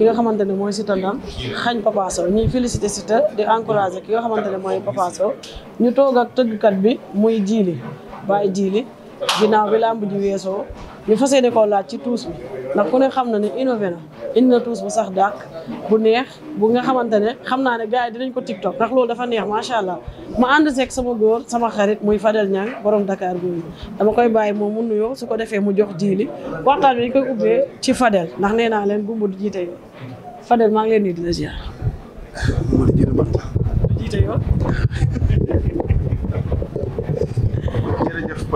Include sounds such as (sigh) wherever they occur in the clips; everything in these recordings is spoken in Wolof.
ki nga xamante ne mooy sita ndam xañ Papa Sow ñuy félicité Siteu di encouragé ki nga xamante ne mooy Papa Sow ñu toog ak tëggkat bi muy jiili bàyyi jiili ginnaaw bi làmb ji weesoo ñu fas yéene koo laaj ci tuus bi ndax ku ne xam na ne innové na indi na tuus bu sax dàq bu neex bu nga xamante ne xam naa ne gars yi dinañ ko tiktok ndax loolu dafa neex macha allah ma ànd seek sama góor sama xarit muy Fadel Niang boroom Dakar googu dama koy bàyyi moom mu nuyoo su ko defee mu jox jiili waxtaan bi dañ koy ubbee ci Fadel ndax nee naa leen gumbu du jiite yoon Fadel maa ngi leen nuyu di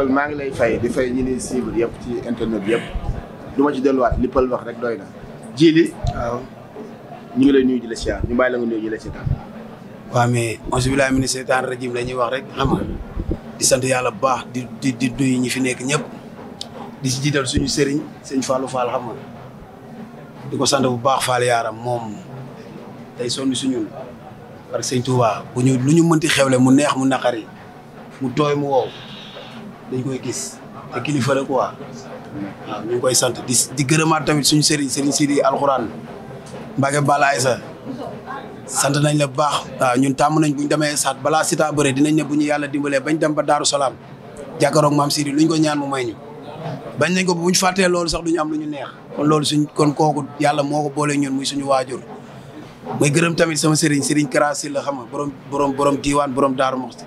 (laughs) maa ngi lay fay di fay ñi ni cible yëpp ci internet yëpp. du ma ci delluwaat li Pël wax rek doy na jili waaw ñu ngi lay nuyu ji la siyaar ñu bàyyi la nga nuyu ji la seetaan waaw mais auzu billaahi mina seytaani rajiim la ñuy wax rek xam di sant yàlla bu baax di di di nuyu ñi fi nekk ñëpp di si jiital suñu sëriñ sëñ Fallou Fall xam di ko sant bu baax Fall yaaram moom tey sonn suñu parce que sëñ bu lu ñu mënti xewle mu neex mu naqari mu tooy mu wow dañ koy gis te kilifa la quoi waaw ñu koy sant di di gërëmaat tamit suñu sëriñ sëriñ Sidi alxuraan Mbacke Bala Aïssa sant nañ la bu baax waaw ñun tàmm nañ bu ñu demee saat balaa sita bëre dinañ ne bu ñu yàlla dimbalee bañ dem ba Daaru Salaam jàkkaaroog maam Sidi luñ ko ñaan mu may ñu bañ nañ ko bu ñu loolu sax duñu am lu ñu neex kon loolu suñ kon kooku yàlla moo ko boole ñun muy suñu waajur may gërëm tamit sama sëriñ sëriñ Kara Sylla xam nga borom borom borom diiwaan borom Daaru Moxti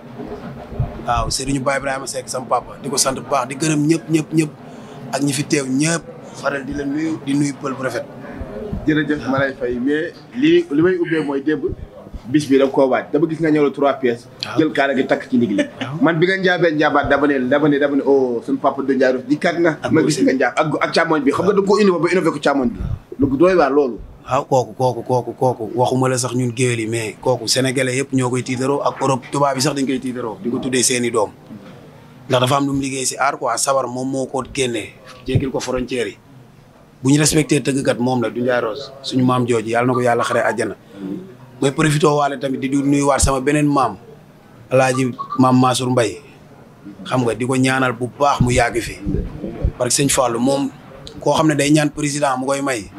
waaw sëriñu Baye Ibrahima Seck sama papa di ko sant bu baax di gërëm ñëpp ñëpp ñëpp ak ñi fi teew ñëpp faral di la nuyu di nuyu pël bu rafet. jërëjëf ma lay fay mais lii li may ubbee mooy démb bis bi da koo waaj dama gis nga ñëw la trois pièces. Ah. jël kaara gi takk ci ndigli ah. man bi nga njaabee njaabaat dama ne dama ne dama ne oh suñu papa du njaaruf di kat na. ma gis nga njaab ak ak càmmoñ bi xam nga du ko innové ba innové ko càmmoñ bi ah. lu doy waar loolu. waaw kooku kooku kooku kooku la sax ñun géwél yi mais kooku sénégalais yëpp ñoo koy tiitaroo ak Europe tubaab bi sax dañ koy tiitaroo di ko tuddee seeni doom ndax dafa am lu mu liggéey si aar quoi sabar moom moo ko génnee jéggil ko frontière yi bu ñu respecté tëggkat moom la du Ndiaye Rose suñu maam jooju yàlla na ko yàlla xare àjjana mooy profité waale tamit di nuyuwaat sama beneen maam alaaji maam Mansour Mbaye xam nga di ko ñaanal bu baax mu yàgg fi parce que sëñ Fallou moom koo xam ne day ñaan président mu koy may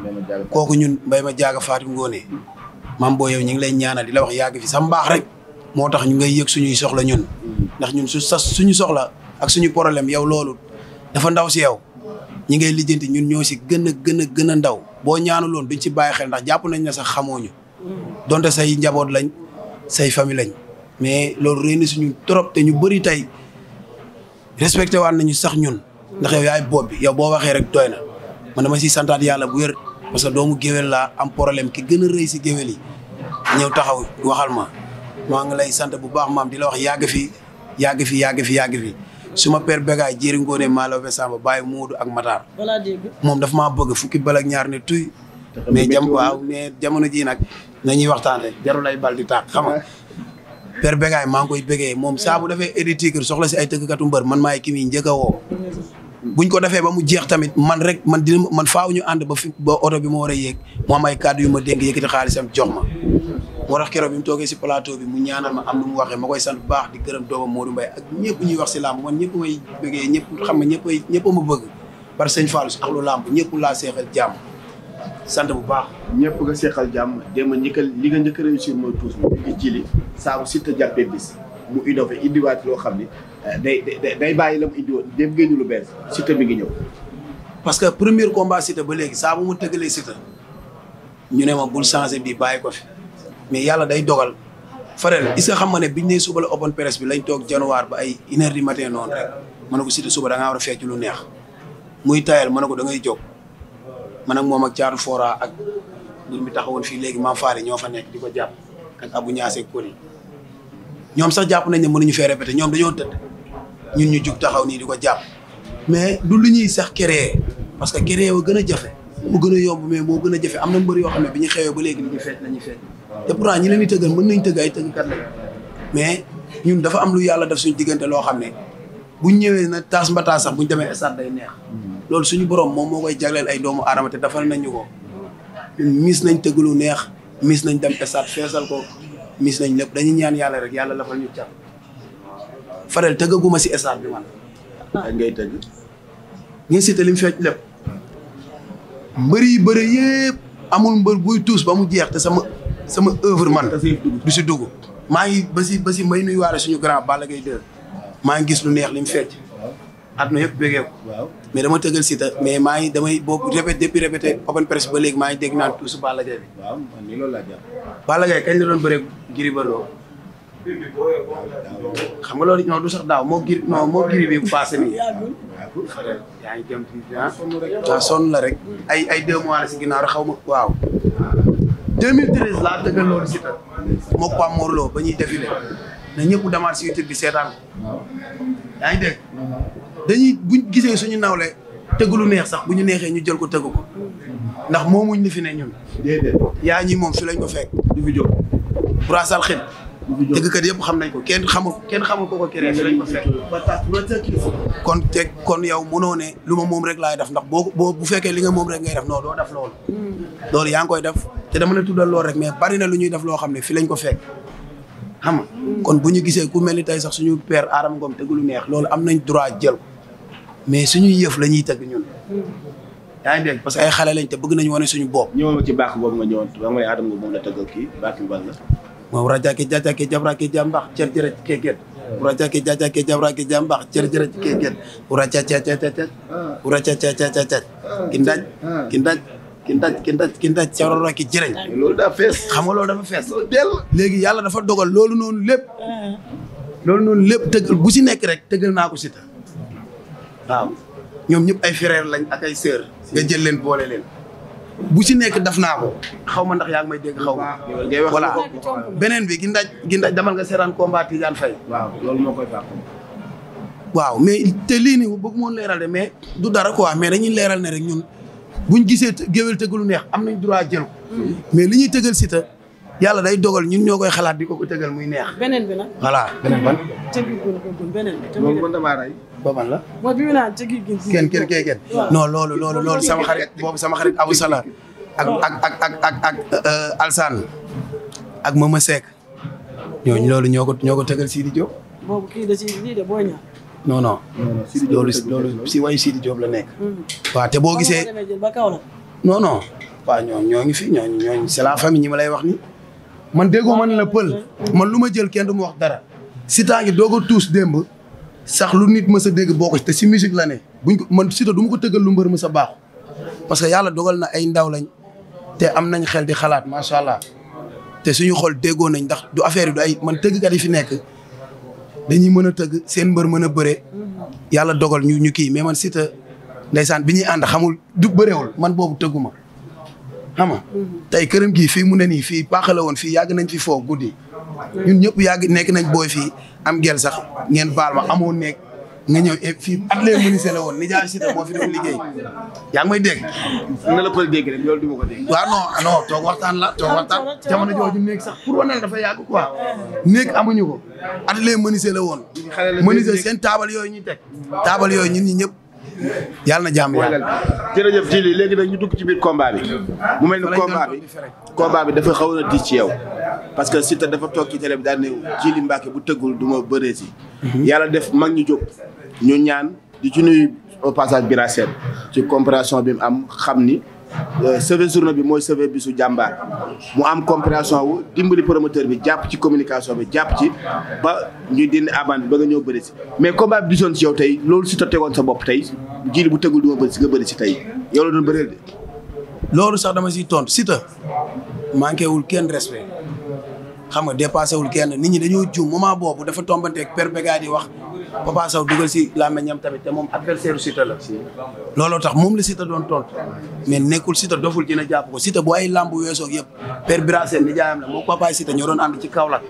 kooku ñun mbay ma jaaga Fatim Ngoone mam boo yow ñu ngi lay ñaanal di la wax yàgg fi sa mbaax rek moo tax ñu ngay yëg suñuy soxla ñun ndax ñun suñu soxla ak suñu problème yow loolu dafa ndaw si yow ñi ngay lijjanti ñun ñoo si gën a gën gën a ndaw boo loon duñ ci bàyyi xel ndax jàpp nañ ne sax xamooñu donte say njaboot lañ say famille lañ mais loolu réy na suñu trop te ñu bëri tey respecté waan na ñu sax ñun ndax yow yaay bopp bi yow boo waxee rek doy na man dama siy santaat yàlla bu wér parce que doomu géwél laa am problème ki gën a rëy si géwél yi ñëw taxaw waxal ma maa ngi lay sant bu baax maam di la wax yàgg fi yàgg fi yàgg fi yàgg fi suma père Begaay jëri ngoone Maalove Samba bàyyi Moodu ak Matar. moom daf maa bëgg fukki bal ak ñaar ne tuy. mais jam waaw mais jamono ji nag nañuy waxtaanee jarul ay bal di tàq xam nga. père Begaay maa ngi koy bëggee moom saa bu defee éditiqueur soxla si ay tëggkatu mbër man maay ki muy njëkk a woo. buñ ko defee ba mu jeex tamit man rek man dina man faaw ñu ànd ba fi ba oto bi mu war a yéeg mu am ay yu ma dénk yëkkati xaalisam jox ma. moo tax bi mu toogee si plateau bi mu ñaanal ma am lu mu waxee ma koy sant bu baax di gërëm doomam Modou Mbaye ak ñëpp ñuy wax si làmb man ñëpp may bëggee ñëpp xam nga ñëpp ay ñëpp ma bëgg par sëñ Fallou si axlu làmb ñëpp laa seexal jàmm sant bu baax ñëpp nga seexal jàmm déma njëkkal li nga njëkk a réussir mooy tuus mu ngi ci li saabu Siteu jàppee bis mu innové indiwaat loo xam ni euh, day day bàyyi la mu indiwoon dem ñu lu bees Siteu mi ñëw parce que premier combat ba léegi saa mu tëggalee Siteu ñu ne ma bul changé bi bàyyi ko fi mais yàlla day dogal Fadel est-ce que xam nga ne biñ ne suba la open press bi lañ toog januwaar ba ay une heure du matin noonu rek ma ne ko suba da war a fecc lu neex muy tayal ma ne ko da ngay jóg man ak moom a caatu foora ak mbir mi taxawoon fii léegi maam faari ñoo fa nekk di ko jàpp ak abu ñaase koli ñoom sax jàpp nañ ne mënuñu fee répété ñoom dañoo tëdd ñu ñu jug taxaw nii di ko jàpp mais du lu ñuy sax créer parce que créer wa gën a jafe mu gën a yomb mais moo gën a jafe am na mbër yoo xam ne bi ñu xewee ba léegi li ñu ñu feet te pourtant ñi leen di tëggal mën nañ tëgg ay tëggkat la mais ñun dafa am lu yàlla def suñ diggante loo xam ne buñ ñëwee na taas mbataas sax buñ demee stade day neex loolu suñu borom moom moo koy jagleel ay doomu aadama te nañu ko mis nañ tëgg lu neex mis nañ dem stade feesal ko mis nañ lépp dañuy ñaan yàlla rek yàlla lafal ñu cat Fadel tëggaguma si stade bi man. ak ngay tëgg. ngeen cité lim fecc lépp. amul mbër guy tuus ba mu jeex te sama sama œuvre man du si dugg maa ngi ba si ba si may nuy waale suñu grand bala gay 2 maa ngi gis lu neex li mu fecc àdduna yëpp bégee ko mais dama tëggal Siteu mais maa ngi damay boobu répété depuis répété open press ba léegi maa ngi dégg naan tuusu Balla Gaye bi Balla Gaye kañ la doon bëre Gris Bordeaux xam nga loolu non du sax daaw moo giri non moo giri bi passé nii yaa ngi jëm ah. sonn la rek ay ay deux mois la si ginnaaw xaw ma waaw 2013 laa tëggal loolu Siteu moo ko am Morlo ba ñuy défilé na ñëpp demaat si YouTube bi seetaan ko yaa ngi dégg dañuy gisee suñu nawle tëgg lu neex sax bu ñu neexee ñu jël ko tëgg ko ndax moomuñ li fi ne ñun. déedéet yaa ñi moom fi lañ ko fekk. du fi jóg tëggkat yëpp xam nañ ko kenn xamul kenn xamul ko ko créé fi lañ ko fekk kon teg kon yow mënoo ne lu ma moom rek laay def ndax boo boo bu fekkee li nga moom rek ngay def non doo def loolu hmm. loolu yaa ngi koy def te dama la tuddal loolu rek mais bari na lu ñuy def loo xam ne fi lañ ko fekk xam hmm. kon bu ñu gisee ku mel ni tey sax suñu per Adama Ngom tëgg lu neex loolu am nañ droit jël mais suñuy yëf la ñuy tëgg ñun hmm. yaa ngi dégg parce que ay xale lañ te bëgg nañu wane suñu bopp ñëwoon ci baax boobu nga moom la tëggal kii baax bi ma rajaki jajaki jabraki jambax cer jere keket urajaki jajaki jabraki jambax cer jere keket uraca ca ca ca ca uraca ca ca ca ca kindaj kindaj kindaj kindaj kindaj caroraki jërëñ loolu daa fees xam nga loolu dafa fees del léegi yàlla dafa dogal loolu noonu lépp loolu noonu lépp tëgg bu si nekk rek tëggal naa ko si ta waaw ñoom ñëpp ay frère lañ ak ay sœur nga jël leen boole leen bu ci nekk daf naa ko xaw ma ndax yaa ngi may dégg xaw ma voilà beneen bi gindaj gindaj damal nga seeraan combat Tidiane Faye waaw loolu moo koy baax waaw mais te lii nii bëgg moon leeral mais du dara quoi mais dañuy leeral ne rek ñun buñ gisee géwél tëgg lu neex am nañ droit jël ko hmm. mais li ñuy tëggal Siteu yàlla day dogal ñun ñoo koy xalaat di ko ko tëgal muy neex. beneen bi nag. voilà beneen ban. jéggi gun gun beneen bi. te loolu damaa rey. ba man la. mooy bi mu naan jéggi gun. kenn kenn kenn kenn. non loolu loolu loolu sama xarit boobu sama xarit Abou Salah. ak ak ak ak ak ak euh, Alsaan ak Mama Seck ñooñu loolu ñoo ko ñoo ko tëgal Sidi Diop. boobu kii da ciy lii de boo ñëw. non non. loolu loolu si wayu Sidi Diop la nekk. Hmm. waaw te boo gisee. ba kaw la. non non. waaw ñooñu ñoo ngi fi ñooñu ñooñu c'est la famille ñi ma lay wax ni man déggoo man na pël man lu ma jël kenn du ma wax dara si ngi doog a tuus démb sax lu nit mës a dégg boo ko te si musique la buñ man Siteu du ma ko tëggal lu mbër mës sa baaxu parce que yàlla dogal na ay ndaw lañ te am nañ xel di xalaat macha allah te suñu xol déggoo nañ ndax du affaire du ay man tëggkat yi fi nekk dañuy mën a tëgg seen mbër mën a bëre yàlla dogal ñu ñu kii mais man Siteu ndeysaan bi ñuy ànd xamul du bërewul man boobu tëgguma xam nga tey këram gii fii mu ne nii fii paax woon fii yàgg nañ fi foo guddi ñun ñëpp yàgg nekk nañ booy fii am gel sax ngeen baal ma amoo nekk nga ñëw eh, fii at lee menuisier la woon ni jaay si moo liggéey yaa ngi may dégg. na la pël dégg rek loolu du ma ko dégg. toog waxtaan la toog waxtaan jamono jooju néeg sax pour wane dafa yàgg quoi néeg amuñu ko at lee menuisier la woon. menuisier seen taabal yooyu ñuy teg taabal yooyu ñun ñi ñëpp. yàlla na jàmm yàlla. jërëjëf Djily léegi nañ ñu dugg ci biir combat bi mu mel ni combat bi combat bi dafa xaw a di ci yow parce que Siteu dafa toog ci télé bi daal ne Djily Mbacké bu tëggul du ma bëree si. Mhm. yàlla def mag ñu jóg ñu ñaan di ci nuyu au passage Bira ci compréhension bi mu am xam ni. Euh, sauver journée bi mooy sauver bisu jàmbaar mu am compréhension wu dimbali promoteur bi jàpp ci communication bi jàpp ci ba ñu dindi aban bi ba nga ñëw bëri mais combat bi disoon si yow tey loolu si ta tegoon sa bopp tey jiir bu tegul du ma bëri si nga bëri si tey yow la doon loolu sax dama siy tont sita ta wul kenn respect xam nga dépassé wul kenn nit ñi dañoo juum moment boobu dafa tombante ak per Begay di wax Papa Sow dugal si làmmiñam tamit te moom adversaire Siteu la looloo tax moom la Siteu doon tontu mais nekkul Siteu doful dina jàpp ko Siteu bu ay làmb weesoog yëpp père Birasène ni jaayam la moom papa Siteu ñoo doon ànd ci Kaolack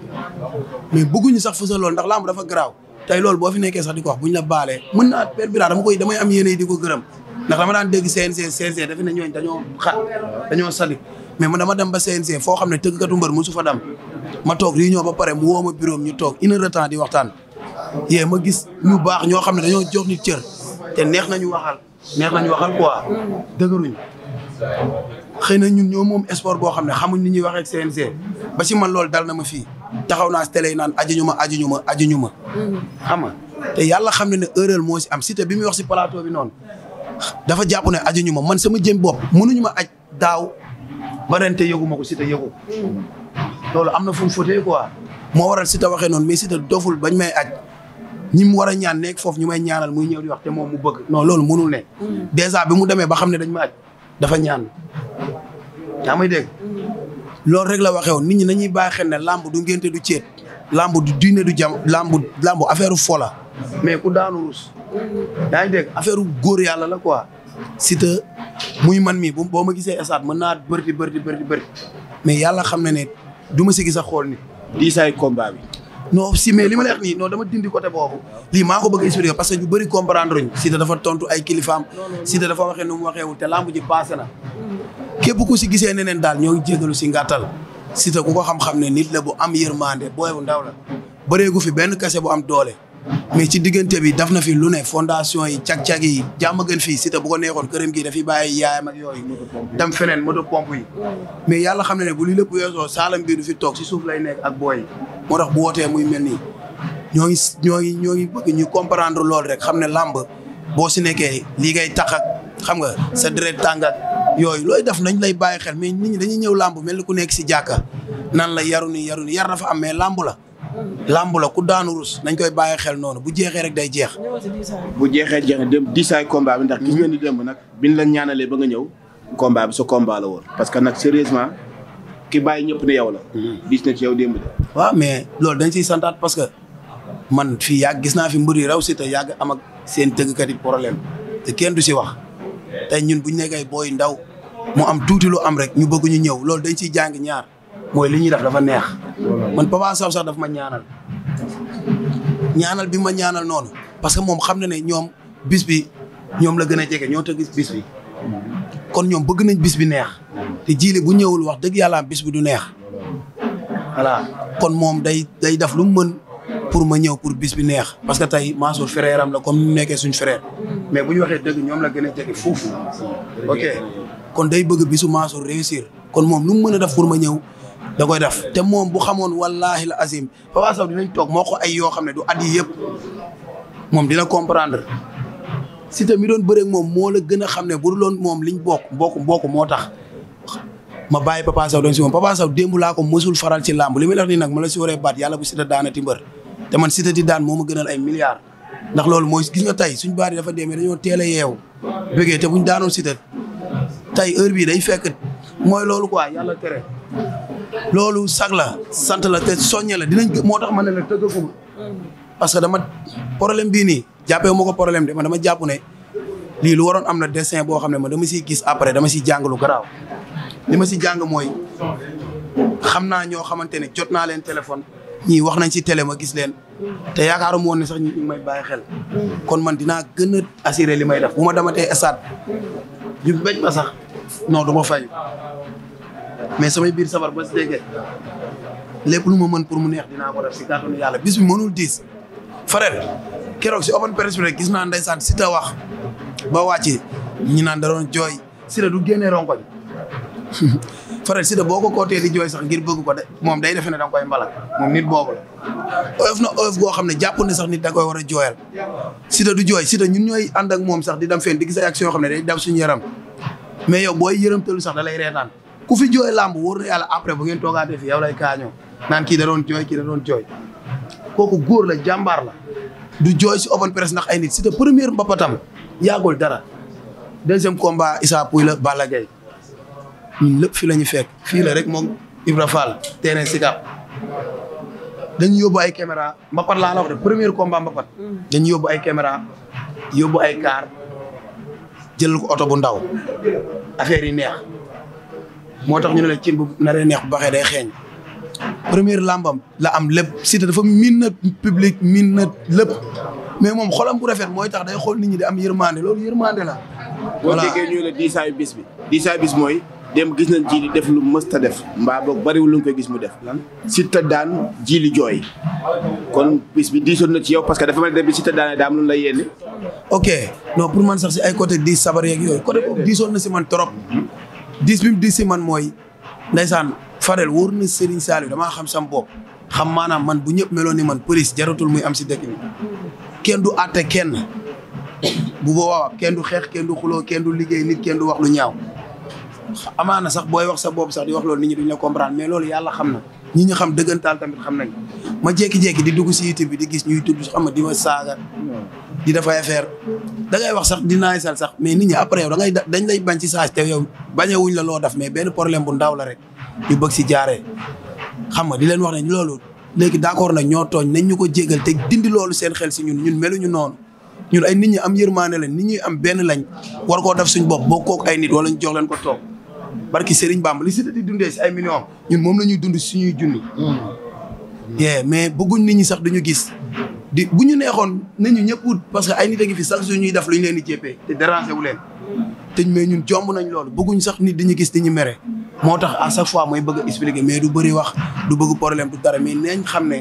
mais bëgguñu sax fësal loolu ndax làmb dafa garaaw tey loolu boo fi nekkee sax di ko wax buñ la baalee mën naa père Bira dama koy damay di ko gërëm ndax dama daan dégg CNC CNC dafa ne ñooñ dañoo xat dañoo yee ma gis ñu baax ñoo xam ne dañoo jox nit cër te neex na nañu waxal neex nañu waxal quoi dëgëruñ xëy na ñun ñoo moom sport boo xam ne xamuñ ni ñuy waxee ak CNG ba si man loolu dal na ma fii taxaw naa si télé yi naan ajuñu ma ajuñu ma ajuñu ma xam te yàlla xam ne ne erreur moo si am Siteu bi muy wax si plateau bi noonu dafa jàpp ne aju ñu ma man sama jëm bopp mënuñu ma aj daaw ba ren te yëgu ma ko Siteu loolu am na fu mu fotee quoi moo waral Siteu waxee noon mais Siteu doful bañ may aj ñi mu war a ñaan nekk foofu ñu may ñaanal muy ñëw di wax te moom mu bëgg noo loolu mënul ne dèjà bi mu demee ba xam ne dañ ma aj dafa ñaan yaa may dégg loolu rek la waxee woon nit ñi nañuy bàyyi xel ne làmb du ngénte du ceet làmb du diine du jam làmb làmb affaire fola mais ku daanu rus yaa ngi dégg affaire góor yàlla la quoi Siteu muy man mii boo ma gisee esaat mën naa bërti bërti bërti bërti mais yàlla xam na ne du ma si gis a xool ni dii say bi non si mais li ma lay wax nii non dama dindi côté boobu lii maa ko bëgg expliquer parce que ñu bëri comprendre ñu Siteu dafa tontu ay kilifaam Siteu dafa waxee nu mu waxeewul te lamb ji passé na képp si gisee neneen daal ñoo ngi jégalu si ngàttal Siteu ku ko xam-xam ne nit la bu am yërmande booy bu ndaw la bëreegu fi benn kase bu am doole mais ci diggante bi daf na fi lu ne fondation yi cag-cag yi jàmm gën fii Siteu bu ko neexoon këram gi dafiy bàyyi yaayam ak yooyu dem feneen moto pompe yi mais yàlla xam ne ne bu li lépp saalam bi du fi toog si suuf lay nekk ak booy moo tax bu wootee muy mel nii ñoo ngi ñoo ngi bëgg ñu comprendre loolu rek xam ne làmb boo si nekkee lii ngay tax xam nga sa deret tàng yooyu looy def nañ lay bàyyi xel mais nit ñi dañuy ñëw làmb mel ni ku nekk si jàkka nan la yaru ni yaru yar dafa am làmb la. làmb la ku daanu rus nañ koy bàyyi xel noonu bu jeexee rek day jeex. bu jeexee jeexee dem diisaay combat bi ndax gis hmm. ngeen ni démb nag biñ la ñaanalee ba nga ñëw combat bi sa combat woon parce que nag sérieusement. ki bàyyi ñëpp yow la. Hmm. diis na ci yow démb de. waaw mais loolu dañ ciy santaat parce que man fii yàgg gis naa fi mbër yi raw si te yàgg am ak seen tëggkat yi problème te kenn du si wax te ñun bu ñu nekkee booy ndaw mu am tuuti lu am rek ñu bëgg ñu ñëw loolu dañ ciy jàng ñaar mooy li ñuy def dafa neex. man Papa Sow sax daf ma ñaanal ñaanal bi ma ñaanal noonu parce que moom xam na ne ñoom bis bi ñoom la gën a jege ñoo tëgg bis kon ñoom bëgg nañ bis bi neex te jiile bu ñëwul wax dëgg yàlla bis bi du neex voilà kon moom day day def lu mu mën pour ma ñëw pour bis bi neex parce que tey Mansour frère am la comme ñu nekkee suñ frère mais bu ñu waxee dëgg ñoom la gën a jege foofu ok kon day bëgg bisu Mansour réussir kon moom lu mu mën a def pour ma ñëw da koy def te moom bu xamoon wallaahi la azim Papa Sow dinañ toog moo ko ay yoo xam ne du at yëpp moom dina comprendre Siteu mi doon bëreeg moom moo la gën a xam ne bu dul woon moom liñ bokk mbokk mbokk moo tax ma bàyyi Papa Sow doon si moom Papa Sow démb laa ko mosul faral ci làmb li muy def nii nag ma la si waree baat yàlla bu Siteu daanati mbër te man Siteu di daan moo ma gënal ay milliards ndax loolu mooy gis nga tey suñ baat yi dafa demee dañoo teel a yeewu bëggee te buñ daanoon Siteu tey heure bii day fekk mooy loolu quoi yàlla tere loolu sag la sant la te soññe la dinañ moo tax ma ne la tëggaguma parce que dama problème bii nii jàppee ma ko problème de man dama jàpp ne lii lu waroon am na dessin boo xam ne man dama siy gis après dama siy jàng lu garaaw li ma si jàng mooy xam naa ñoo xamante ne jot naa leen téléphone ñii wax nañ si télé ma gis leen te yaakaar woon ne sax ñu may bàyyi xel kon man dinaa gën a assuré li may def bu ma damatee stade ñu bañ ma sax non du ma fayu mais samay biir sabar ba si déggee lépp lu ma mën pour mu neex dinaa ko def si mënul diis frère keroog si open press bi gis naa ndeysaan si ta wax ba wàcce ñi naan da jooy si la du génnee ronkoñ (laughs) frère si boo ko kootee di jooy sax ngir bëgg ko de moom day defe ne da nga koy mbalak moom nit na oyof goo xam ne jàpp ne sax nit da koy war a jooyal si du jooy si da ñun ñooy ànd ak moom sax di dem feen di gis ay action yoo xam ne day dab si yaram mais yow booy yërëmtalu sax da lay reetaan ku fi jooy làmb wóor na yàlla après bu ngeen toogaatee fi yow lay kaañoo naan kii da doon jooy kii da doon jooy kooku góor la jàmbaar la du jooy si open press ndax ay nit c'était première mbapatam yaagul dara deuxième combat Issa Pouye la bala Gaye ñun lépp fii la ñu fekk fii la rek moom Ibra Fall terrain Sicap dañu yóbbu ay caméra mbapat laa la wax dañu yóbbu ay caméra yóbbu ay car ko oto bu ndaw affaire yi neex moo tax ñu ne la cin bu naree neex bu baaxee day xeeñ première làmbam la am lépp Siteu dafa miin na public miin na lépp mais moom xolam bu rafet mooy tax day xool nit ñi di am yërmande loolu yërmande la. voilà boo déggee ñu ne diisaayu bis bi. diisaayu bis mooy dem gis nañ Djily def lu mës def mbaa boog bariwul lu ñu koy gis mu def. lan Siteu daan Djily jooy kon bis bi diisoon na ci yow parce que dafa mel ne bi Siteu daan daa am lu la yéene. ok non pour man sax si ay côté diis sabar yeeg yooyu côté boobu diisoon na si man trop mhm. diis bi si man mooy ndeysaan. Fadel woor na Serigne Saliou damaa xam sam bopp xam maanaam man bu ñëpp meloon ni man police jaratul muy am si dëkk bi kenn du àtte kenn bu boobaa kenn du xeex kenn du xuloo kenn du liggéey nit kenn du wax lu ñaaw. amaana sax booy wax sa bopp sax di wax loolu nit ñi duñ la comprendre mais loolu yàlla xam na ñi ñu xam dëggantaal tamit xam nañ ma jékki-jékki di dugg si YouTube bi di gis ñuy tudd xam na di ma saaga. di dafay affaire da ngay wax sax di naay sax mais nit ñi après yow da ngay dañ lay bañ ci saa te yow bañewuñ la loo def mais benn problème bu ndaw la rek. ñu bëgg si jaaree xam nga di leen wax ne loolu léegi d'accord nag ñoo tooñ nañ ñu ko jégal te dindi loolu seen xel si ñun ñun meluñu noon ñun ay nit ñi am yërmaane lañ nit ñi am benn lañ war koo def suñ bopp boo ak ay nit wala ñu jox leen ko toog barki Serigne Bamba li si di dundee si ay millions ñun moom la ñuy dund suñuy junni. Mm. yee mais bëgguñ nit ñi sax duñu gis di bu ñu neexoon nañu ñëpp parce que ay nit a ngi fi sax suñuy def luñ leen di jéppee te déranger leen. tëj ñun jomb nañ loolu bëgguñ sax di dañu gis dañu mere moo tax à chaque fois mooy bëgg expliquer mais du bëri wax du bëgg problème du dara mais neeñ xam ne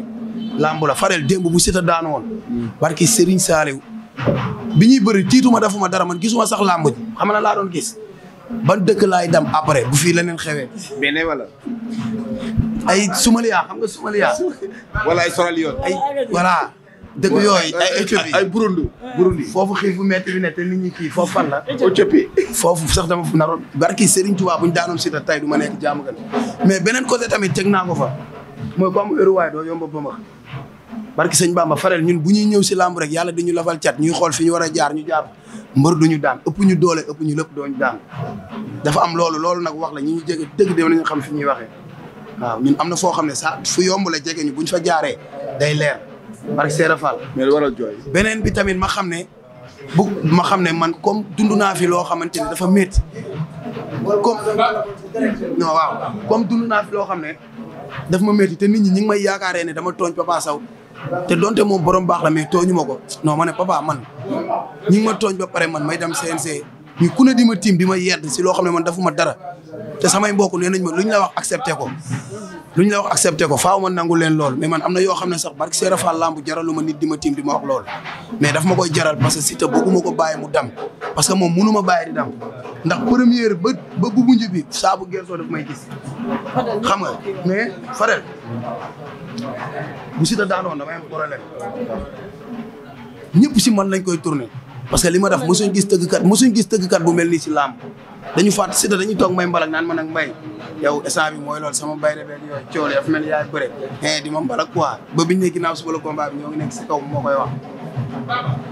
làmb la farel démb bu Siteu daan woon barki Serigne Saliou bi ñuy bëri tiituma defuma dara man gisuma sax làmb ji xam na laa doon gis ban dëkk laay dem après bu fii leneen xewee beneen wala ay sumaliyaa xam nga sumaliyaa wala ay soral yoon ay voilà dëkk yooyu ay Éthiopie ay Burundi Burundi foofu xiif metti bi ne te nit ñi kii foofu fan la Éthiopie foofu sax dama naroon barki Serigne Touba bu ñu daanoon si ta tay du ma nekk jaamu gan mais beneen côté tamit teg naa ko fa mooy ko am hérowaay doo yomba ba ma barki sëñ Bamba fareel ñun bu ñuy ñëw si làmb rek yàlla dañu lafal cat ñu xool fi ñu war a jaar ñu jaar mbër du ñu daan ëpp ñu doole ëpp ñu lépp dooñu daan dafa am loolu loolu nag wax la ñi ñu jege dëgg de nañu xam fi ñuy waxee waaw ñun am na foo xam ne sa fu yomb la jege ñu buñ fa jaaree day leer barke Seera mais lu jooy. beneen bi tamit ma xam ne bu ma xam ne man comme dundu naa fi loo xamante ne dafa métti comme non waaw comme dund naa fi loo xam ne daf ma métti te nit ñi ñi ngi may yaakaaree ne dama tooñ Papa Sow te donte moom borom baax la mais tooñu ma ko non ma ne papa man ñi ma tooñ ba pare man may dem CNG ñu ku ne di ma tiim bi ma yedd si loo xam ne man dafu ma dara te samay mbokk nee nañ ma lu ñu la wax accepté ko lu ñu la wax accepté ko faaw ma nangu leen lool mais man am na yoo xam ne sax barki Seera Fall lamb jaralu ma nit di ma tiim di ma lool mais daf ma koy jaral parce que Siteu bëgguma ko bàyyi mu dam parce que moom mënu ma bàyyi di dam ndax première ba ba bu mujj bi saabu gertoo daf may gis xam nga mais Fadel bu Siteu daanoon damay am problème ñëpp si man lañ koy tourné parce que li ma def mosuñ gis tëggkat mosuñ gis tëggkat bu mel nii si lamb dañu fàtt si dañuy toog mbay mbalak naan ma nag mbay yow instant bi mooy loolu sama bay rebeeg yooyu coole dafa mel yaay bëre eh di ma mbalak quoi ba biñ ne ginnaaw suba la combat bi ñoo ngi nekk si kaw moo koy wax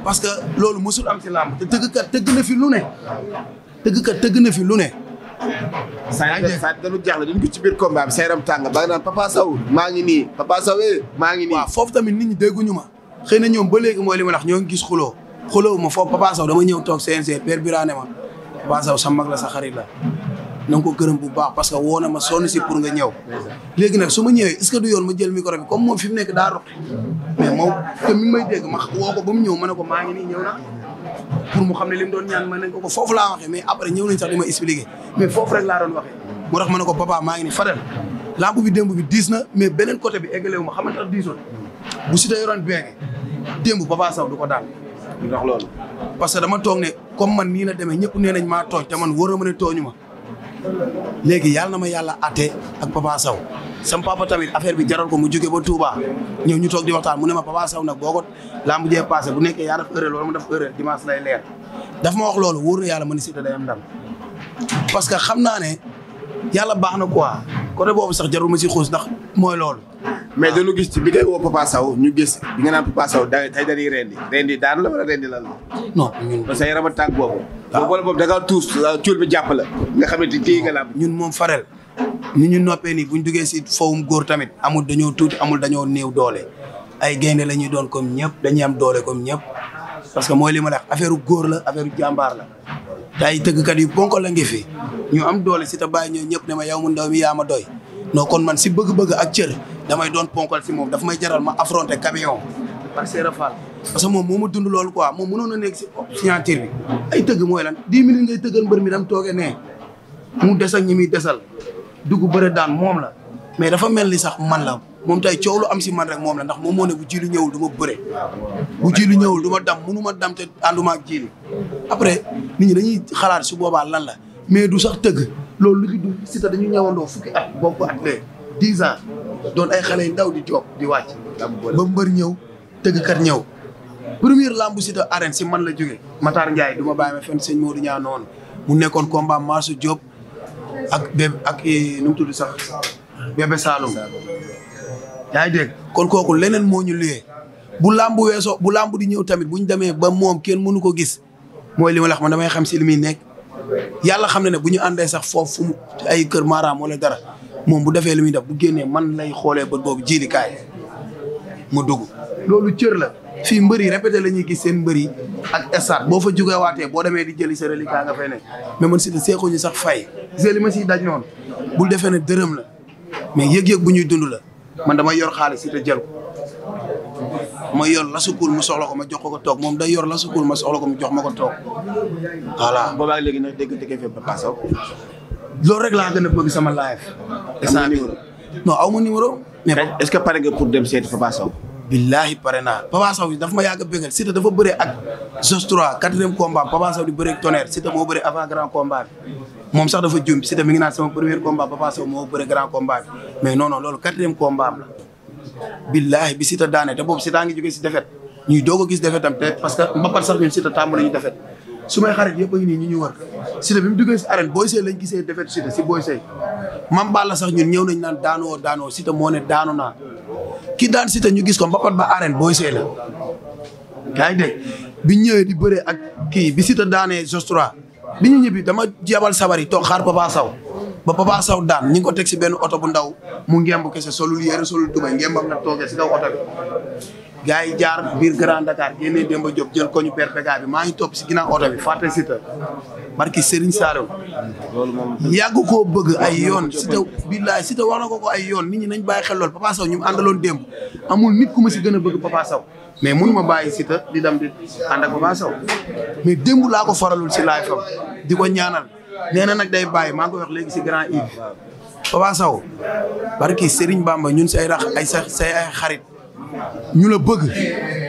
parce que loolu mësul am si làmb te tëggkat tëgg na fi lu ne tëggkat tëgg na fi lu ne saa yi dañu jaaxle dañu ko ci biir combat bi sa yaram tàng ba nga naan papa saw ngi nii papa saw eh, maa ngi nii waaw foofu tamit nit ñi dégguñu ma xëy na ñoom ba léegi mooy li ma wax ñoo ngi gis xuloo xuloo ma foofu papa dama ñëw toog CNG père Birane ma Papa Sow sa mag la sa xarit la na nga gërëm bu baax parce que woo na ma sonn si pour nga ñëw léegi nag su ma ñëwee est du yoon ma jël micro bi comme moom fi mu nekk daa mais moom te mi may dégg ma woo ko mu ñëw ma ne ko maa ngi nii ñëw naa pour mu xam ne li mu doon ñaan ma nañ ko ko foofu laa waxee mais après ñëw nañ sax di ma expliquer mais foofu rek laa doon waxee moo tax ma ne ko papa maa ngi nii Fadel lamb bi démb bi diis na mais beneen côté bi eggale wu ma xamante ne diisoon bu si ta yoroon bien démb Papa Sow du ko daan ndax loolu. parce que dama toog ne comme man nii la demee ñëpp nee nañ maa tooñ te man wóor na ma ne tooñu léegi yàlla na ma yàlla àtte ak Papa Sow sam papa tamit affaire bi jaral ko mu jóge ba Touba ñëw ñu toog di waxtaan mu ne ma Papa Sow nag boo ko làmb jee passé bu nekkee yaa def erreur loolu ma def erreur dimanche lay leer daf ma wax loolu wóor na yàlla ma ne Siteu day am ndam xam naa yàlla baax na quoi côté boobu sax jarul ma si xuus ndax mooy loolu. mais dañu gis ci bi ngay woo Papa Sow ñu gis bi nga naan Papa Sow da tey dañuy rendi rendi daan la rendi lan la. non ñun parce yaram a tànk boobu. waaw ah. boobu boobu da tuus cuul bi jàpp la. nga xamante ni nga la ñun moom farel nu ñu noppee nii bu ñu duggee si fowum góor tamit amul dañoo tuuti amul dañoo néew doole ay gaynde la ñuy doon comme ñëpp dañuy am doole comme ñëpp parce que mooy li ma la wax góor la affaire jàmbaar la tay tëggkat yu bonko la ngi fi ñu am doole si ta bàyyi ñooy ñëpp ne ma yow mu ndaw mi yaa ma doy non kon man si bëgg-bëgg ak cër damay doon ponkal si moom dafa may jaral ma affronter camion par Serre Fall parce que moom moo ma dund loolu quoi moom mënoon na nekk si signature bi ay tëgg mooy lan dix minutes ngay tëggal mbër mi dam toogee nee mu des ak ñi muy desal dugg bëre daan moom la mais dafa mel ni sax man la moom tey coow lu am si man rek moom la ndax moom moo ne bu jiilu ñëwul du ma bëre bu jiilu ñëwul du ma dam mënu ma dam te ànduma ak jiilu après nit ñi dañuy xalaat su boobaa lan la mais du sax tëgg loolu lu ci du si ta dañu ñëwandoo fukki at bokk at lee dix ans doon ay xale yu ndaw di job di wàcc ba mbër ñëw tëggkat ñëw première lambu si ta si man la jógee Matar Ndiaye du ma bàyyi ma fenn sëñ Modou Niang noonu mu nekkoon combat Marsu Diop ak bé ak eh, nu mu tudd sax Bébé yaa ngi kon kooku leneen moo ñu liyee bu làmb weesoo bu làmb di ñëw tamit bu ñu demee ba moom kenn mënu ko gis mooy li ma la wax man damay xam si li muy nekk yàlla xam na ne bu ñu àndee sax foofu ay kër maaraam wala dara moom bu defee li muy def bu génnee man lay xoolee ba boobu jiili mu dugg. loolu cër la fii mbër yi répété la ñuy gis seen mbër yi ak stade boo fa jugee waatee boo demee di jëli sa reliquat nga fay nekk mais man si sax fay. li ma siy daj noonu bul defee na dërëm la mais yëg-yëg bu ñuy dund la. man damay yor xaalis si te ma yor lasukul mu soxla ko ma jox ko ko toog moom day yor lasukul ma soxla ko mu jox ma ko toog voilà. boobaa léegi nag dégg nga fépp ba passé loolu rek laa gën a bëgg sama live. instant numéro non aw ma numéro. mais est-ce que pare nga pour dem seeti Papa Sow. billahi pare naa Papa Sow dafa ma yàgg a bëggal Siteu dafa bëre ak Zos 3 quatrième combat Papa di bëre ak Tonnerre moo bëre avant grand combat moom sax dafa juum si tamit mi ngi naan sama premier combat Papa Sow moo bëre grand combat mais non loolu quatrième combat billaahi bi Siteu daane te boobu Siteu a ngi jógee si défaite ñuy doog a gis défaite am te que a ngi nii ñu ñu war Siteu bi mu duggee si arène Boy Seye lañ gisee sax ñun ñëw nañ naan daanoo daanoo Siteu moo ne daanu naa ki daan Siteu ñu gis ko mbapat ba arène Boy Seye la yaa ngi dégg bi ñëwee di bëree ak kii bi Siteu daanee Zostra bi ñu ñibbi dama jebal sabar yi toog xaar Papa Sow ba Papa Sow daan ñi ngi ko teg si benn oto bu ndaw mu ngemb kese solul yére solul tubay ngembam na toogee si kaw oto bi gars jaar biir Grand Dakar génnee Demba Diop jël ko ñu perpéga bi maa ngi topp si ginnaaw oto bi fàtte si ta barki Serigne Saliou yàgg koo bëgg ay yoon si ta billaay si ta wax na ko ko ay yoon nit ñi nañ bàyyi xelool lool Papa Sow ñu mu àndaloon amul nit ku ma si gën a bëgg Papa Sow mais mënuma bàyyi Siteu di dem di ànd ak Papa Sow mais démb laa ko faralul si live fam di ko ñaanal nee na nag day bàyyi maa ngi ko wax léegi si grand Ibi Papa Sow barki Serigne Bamba ñun say rax ay sa say ay xarit ñu la bëgg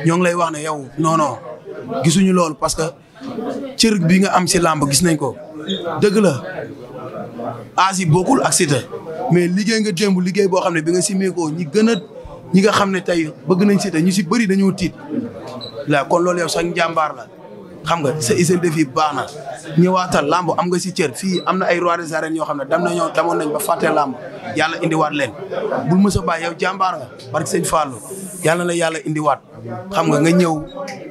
ñoo ngi lay wax ne yow non gisuñu loolu parce que cër bi nga am si làmb gis nañ ko dëgg la aas yi bokkul ak Siteu mais liggéey nga démb liggéey boo xam ne bi nga simee ñi gën a ñi nga xam ne tey bëgg nañ Siteu ñu si bëri dañoo tiit la kon lool yow sax njàmbaar la xam nga sa hygiène de vie baax na ñëwaatal lamb am nga si cër fii am na ay roi des arènes xam ne dam nañoo damoon nañ ba fàtte lamb yàlla indiwaat leen bu mës a bàyyi yow jàmbaar nga barke sëñ Fallou yàlla la yàlla indiwaat xam nga nga ñëw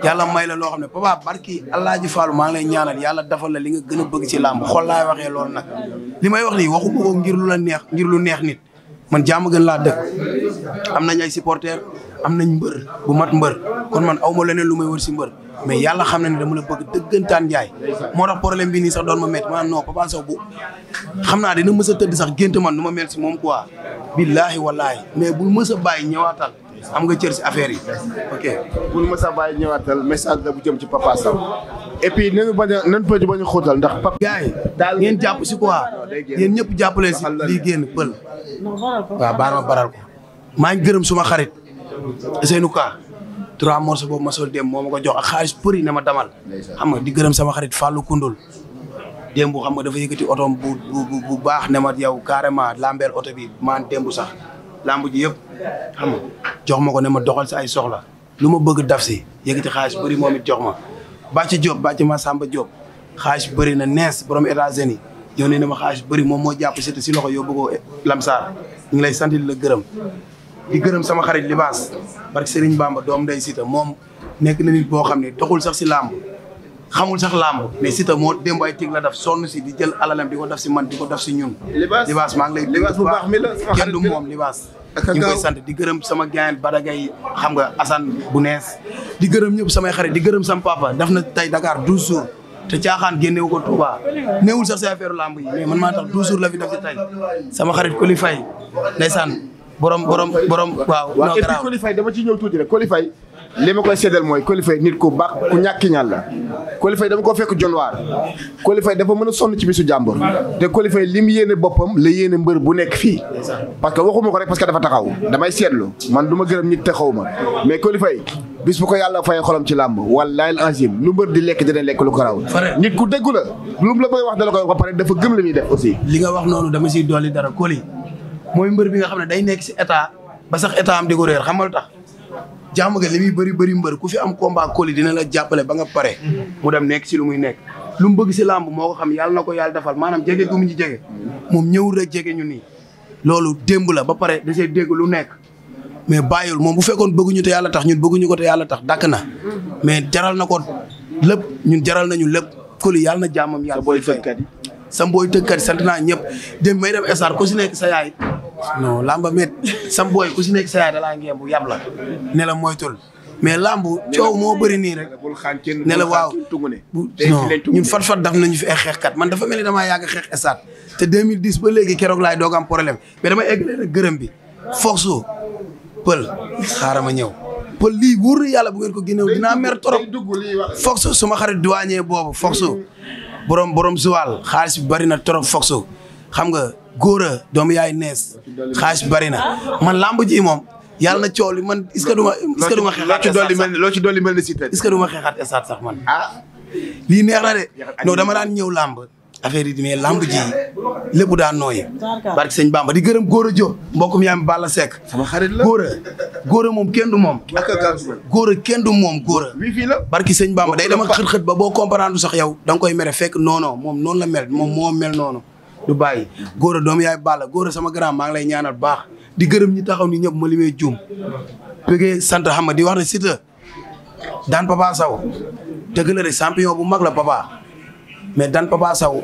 yàlla may la loo xam ne papa barki Alaaji Fallou maa ngi lay ñaanal yàlla defal la li nga gën a bëgg ci lamb xol laay waxee loolu nag li may wax nii waxu ko ngir lu neex nit man jàmm ga laa dëkk am nañ ay supporters am nañ mbër bu mat mbër kon man aw ma leneen lu may wër si mbër mais yàlla xam na ne dama la bëgg dëggantaan jaay moo tax problème bi nii sax doon ma métti maanaam non Papa Sow bu xam naa dina mës a tëdd sax gént man nu ma mel si moom quoi billaahi wallaahi mais bul mës a bàyyi ñëwaatal am nga cër si affaire yi ok bul mës a bàyyi ñëwaatal message la bu jëm ci Papa et puis nañu bañ a nañu pëj bañ a xóotal ndax pap gars yi daal ngeen jàpp si quoi ngeen ñëpp jàppale si lii génn pël waaw baal ma baral ko maa ngi gërëm suma xarit Seynou Ka trois morceaux boobu ma sol dem moo ma ko jox ak xaalis përi na ma damal xam nga di gërëm sama xarit Fallou Koundoul démb xam nga dafa yëkkati otoom bu bu baax ne ma yow carrément làmbeer oto bi maan démb sax lamb ji yëpp xam jox ma ko ne ma doxal si ay soxla lu ma bëgg daf si yëkkati xaalis bëri moom it jox ma Bàcc Diop ma Massamba joob xaalis bëri na nees borom États-Unis yónnee na ma xaalis bëri moom moo jàpp si si loxo yóbbu ko Lamsaar ñu ngi lay sant di la gërëm. di gërëm sama xarit Libaas barke Serigne Bamba doom nday siita moom nekk na nit boo xam ne doxul sax si làmb xamul sax làmb mais Sita moo démb ay tig la daf sonn si di jël alalam di ko daf si man di ko daf si ñun. Libaas maa ngi lay. bu baax mi la kenn du moom Libaas. ñu ngi koy sant di gërëm sama gaañ Badagay xam nga Assane bu nees di gërëm ñëpp samay xarit di gërëm sama papa daf na tey Dakar 12 jours te caaxaan génnewu ko Touba newul sax sa affaire lamb yi mais man maa tax 12 jours la fi def si tey sama xarit Koli Faye ndeysaan borom borom borom waaw. non garaaw waaw dama ci ñëw tuuti rek Koli li ma koy seddal mooy Coly Faye nit ku baax ku ñàkki ñaan la Coly Faye dama ko fekk jonwaar Coly Faye dafa mën a sonn ci bisu jàmbur te Coly Faye li mu yéene boppam la yéene mbër bu nekk fii parce que waxuma ko rek parce que dafa taxaw damay seetlu man du ma gërëm nit taxaw ma mais Coly bis bu ko yàlla fay xolam ci làmb wallahi azim lu mbër di lekk dina lekk lu ko raw nit ku déggu la lu mu la koy wax dala la koy wax pare dafa gëm li muy def aussi li nga wax noonu dama siy dolli dara Coly mooy mbër bi nga xam ne day nekk si état ba sax état am di ko réer xam tax jàmm ga li bëri bëri mbër ku fi am combat koli dina la jàppale ba nga pare. mu dem nekk si lu muy nekk. lu mu bëgg si làmb moo xam yàlla na ko yàlla defal maanaam jege gu mu ñu jege. moom ñëwul rek jege ñu nii. loolu démb la ba pare da see dégg lu nekk. mais bàyyul moom bu fekkoon bëgguñu te yàlla tax ñun bëgguñu ko te yàlla tax dakk na. mais jaral na ko lépp ñun jaral nañu lépp. Coly yàlla na jàmmam yàlla. sa booy tëkkat yi sa booy tëkkat sant naa ñëpp. dem may dem esar ku si nekk sa yaay no làmba met sam booy ku si nekk sa yaay da bu yab la ne la moytul mais làmb coow moo bëri nii rek ne la waaw non ñun fat-fat daf ñu fi ay xeexkat man dafa mel ni damaa yàgg xeex esaat te 2010 ba léegi keroog laay doog am problème mais dama egg leen gërëm bi forso pël xaaral ma ñëw pël lii wóor na yàlla bu ngeen ko génneew dinaa mer trop forso suma xarit douanier boobu forso mm-hmm. borom borom suwaal xaalis bi bëri na trop forso xam nga góor doom yaay nees xaaj bari na man làmb ji moom yàlla na coow man est-ce que du ma est-ce que du ma xeexaat loo ci dolli mel ni si est-ce que du ma sax man ah lii neex na de non dama daan ñëw làmb affaire yi mais làmb ji lépp daan nooy barke sëñ Bamba di gërëm góor a Diop mbokkum bala sek Seck sama xarit la góor moom kenn du moom góor a du moom góor a wi fii la barke sëñ Bamba day dama xët-xët ba boo comprendre sax yow da nga koy mere fekk non moom noonu la mel moom moo mel noonu du bàyyi góor a doom yaay baala góor a sama grand maa ngi lay ñaanal baax di gërëm ñi taxaw ni ñëpp ma limee juum bëggee sant xam di wax ne Siteu daan Papa saw dëgg la de champion bu mag la Papa mais daan Papa Sow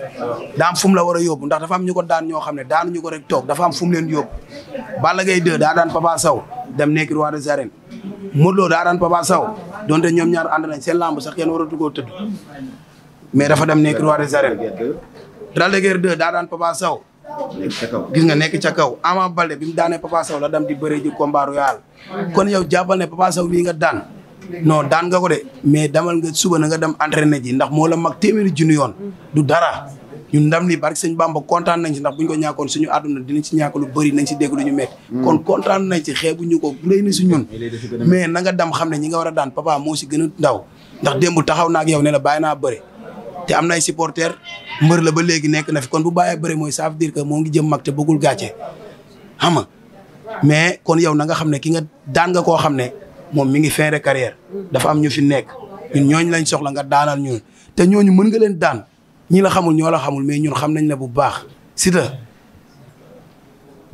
daa am fu mu la war a yóbbu ndax dafa am ñu ko daan ñoo xam ne daanu ñu ko rek toog dafa am fu mu leen yóbbu baala Gaye 2 daa daan Papa Sow dem nekk roi des arènes Modou Lo daa daan Papa saw donte ñoom ñaar ànd nañ seen lamb sax kenn waratu koo tëdd mais dafa dem nekk roi des arènes Lac de Guiers daa daan Papa Sow. gis nga nekk ca kaw Ama Baldé bi mu daanee Papa Sow la dem di bëre ji combat royal kon yow jàppal ne Papa Sow mii nga daan non daan nga ko de mais damal nga suba na nga dem entraîné ji ndax moo la mag téeméeri junni yoon du dara ñun ndam li barke sëñ Bamba kontaan nañ ci ndax buñ ko ñàkkoon suñu àdduna dinañ ci ñàkk lu bëri nañ ci dégg ñu métti hmm. kon kontaan nañ ci xeebu ñu ko léy ni si ñun mais na nga dem xam ne ñi nga war a daan papa moo si gën a ndaw ndax démb taxaw na ak yow ne la bàyyi naa bëre te am nay supporter mbër la ba léegi nekk na kon bu bàyyee bëri mooy ça veut moo ngi jëm mag te bëggul gàcce xam nga mais kon yow na nga xam ne ki nga daan nga koo xam ne moom mi ngi fin de carrière dafa am ñu fi nekk ñun ñooñ lañ soxla nga daanal ñu te ñooñu mën nga leen daan ñi la xamul ñoola xamul mais ñun xam nañ la bu baax Siteu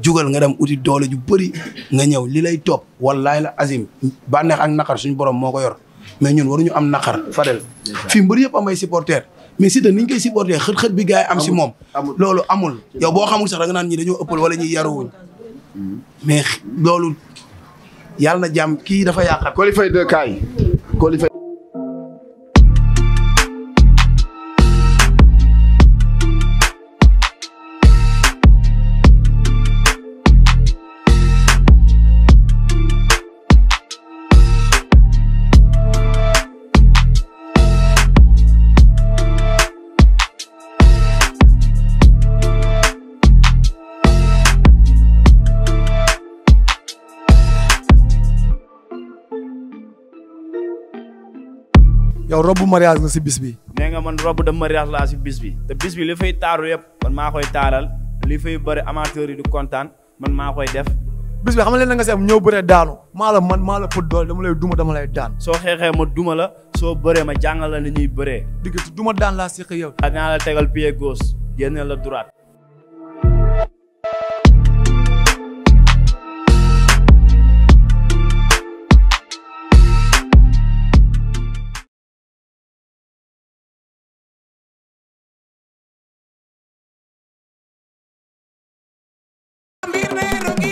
jugal nga dem uti doole ju bëri nga ñëw li lay topp wallahi la azim bànneex ak naqar suñu borom moo ko yor mais ñun waruñu am naqar Fadel fii mbër yëpp am ay supporters mais Siteu ni ñu koy supporter xët-xët bi gars yi am si moom loolu amul yow boo xamul sax da nga naan ñi dañoo ëppal wala ñuy yaruwuñ mm-hmm. mais loolu yàlla na jàmm kii dafa yàqat qualifié de kaay qualifié robu mariage nga si bis bi. nee nga man robu de mariage laa si bis bi te bis bi li fay taaru yëpp man maa koy taaral li fay bëri amateurs yi du kontaan man maa koy def. bis bi xam ne leen nga si am ñëw bëree daanu maa la man maa la pët doole dama lay duma dama lay daan. soo xeexee ma duma la soo baree ma jàngal la ni ñuy bëree. digg duma daan laa si xëy yow. dinaa la tegal pied gauche génne la duraat Guerrero.